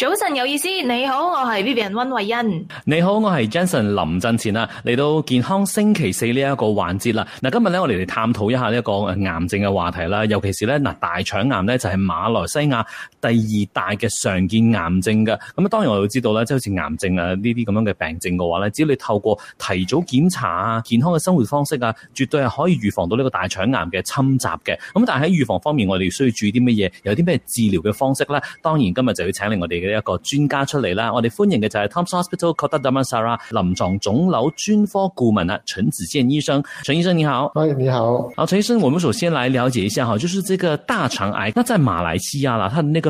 早晨有意思，你好，我係 Vivian 温慧欣。你好，我係 Jenson 林振前啊，嚟到健康星期四呢一個環節啦。嗱，今日咧我哋嚟探討一下呢一個癌症嘅話題啦，尤其是咧嗱大腸癌咧就係馬來西亞。第二大嘅常見癌症嘅，咁啊當然我要知道啦，即係好似癌症啊呢啲咁樣嘅病症嘅話咧，只要你透過提早檢查啊、健康嘅生活方式啊，絕對係可以預防到呢個大腸癌嘅侵襲嘅。咁但係喺預防方面，我哋需要注意啲乜嘢？有啲咩治療嘅方式咧？當然今日就要請嚟我哋嘅一個專家出嚟啦。我哋歡迎嘅就係 Thomson Hospital Kota Damansara 臨床腫瘤專科顧問啊，陳子健醫生。陳醫生你好，迎你好，好陳醫生，我們首先嚟了解一下嚇，就是這個大腸癌，那在馬來西亞啦，佢嘅那個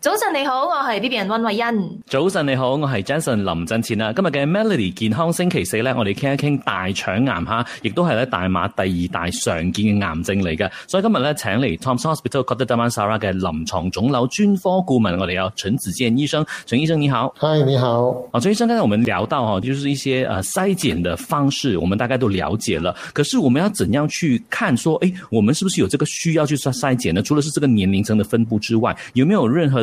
早晨你好，我係 B B 人溫慧恩。早晨你好，我係 Jason 林振前啊。今日嘅 Melody 健康星期四咧，我哋傾一傾大腸癌哈，亦都係咧，大馬第二大常見嘅癌症嚟嘅。所以今日咧，請嚟 Thomson Hospital Kota Damansara 嘅臨床腫瘤專科顧問，我哋有陳子健醫生。陳醫生你好，Hi 你好。啊，陳醫生，剛才我們聊到哈，就是一些誒篩檢嘅方式，我們大概都了解了。可是我們要怎樣去看說，說、欸、誒，我們是不是有這個需要去篩篩檢呢？除了是這個年齡層嘅分佈之外，有沒有任何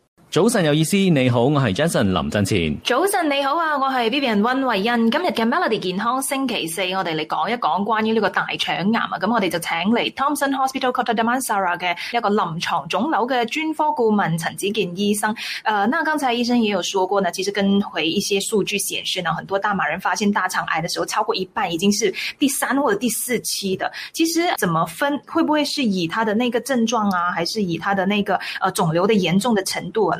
早晨有意思，你好，我係 Jason 林振前。早晨你好啊，我係 Vivian 溫慧欣。今日嘅 Melody 健康星期四，我哋嚟講一講關於呢個大腸癌啊。咁我哋就請嚟 Thompson Hospital Kota Damansara 嘅一個臨床腫瘤嘅專科顧問陳子健醫生。誒、呃，那剛才醫生也有說過呢，其實跟回一些數據顯示呢，很多大馬人發現大腸癌嘅時候，超過一半已經是第三或者第四期的。其實怎麼分，會不會是以他的那個症狀啊，還是以他的那個誒腫、呃、瘤的嚴重的程度？啊？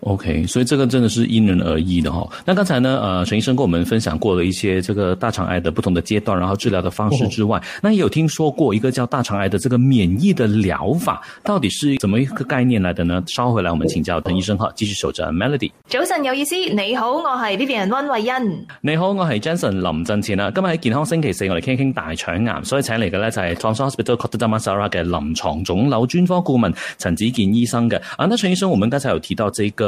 OK，所以這個真的是因人而異的哈。那剛才呢，呃，陳醫生跟我們分享過了一些這個大腸癌的不同的階段，然後治療的方式之外，oh. 那也有聽說過一個叫大腸癌的這個免疫的療法，到底是怎麼一個概念來的呢？稍後回來我們請教陳醫生哈。繼、oh. 續守着 Melody，早晨有意思，你好，我係呢邊人温慧恩。你好，我係 Jason 林振前啦、啊。今日喺健康星期四，我哋傾傾大腸癌，所以請嚟嘅呢，就係 Thomson Hospital Kota Damansara 嘅臨床腫瘤專科顧問陳子健醫生嘅、啊。那陳醫生，我們剛才有提到這個。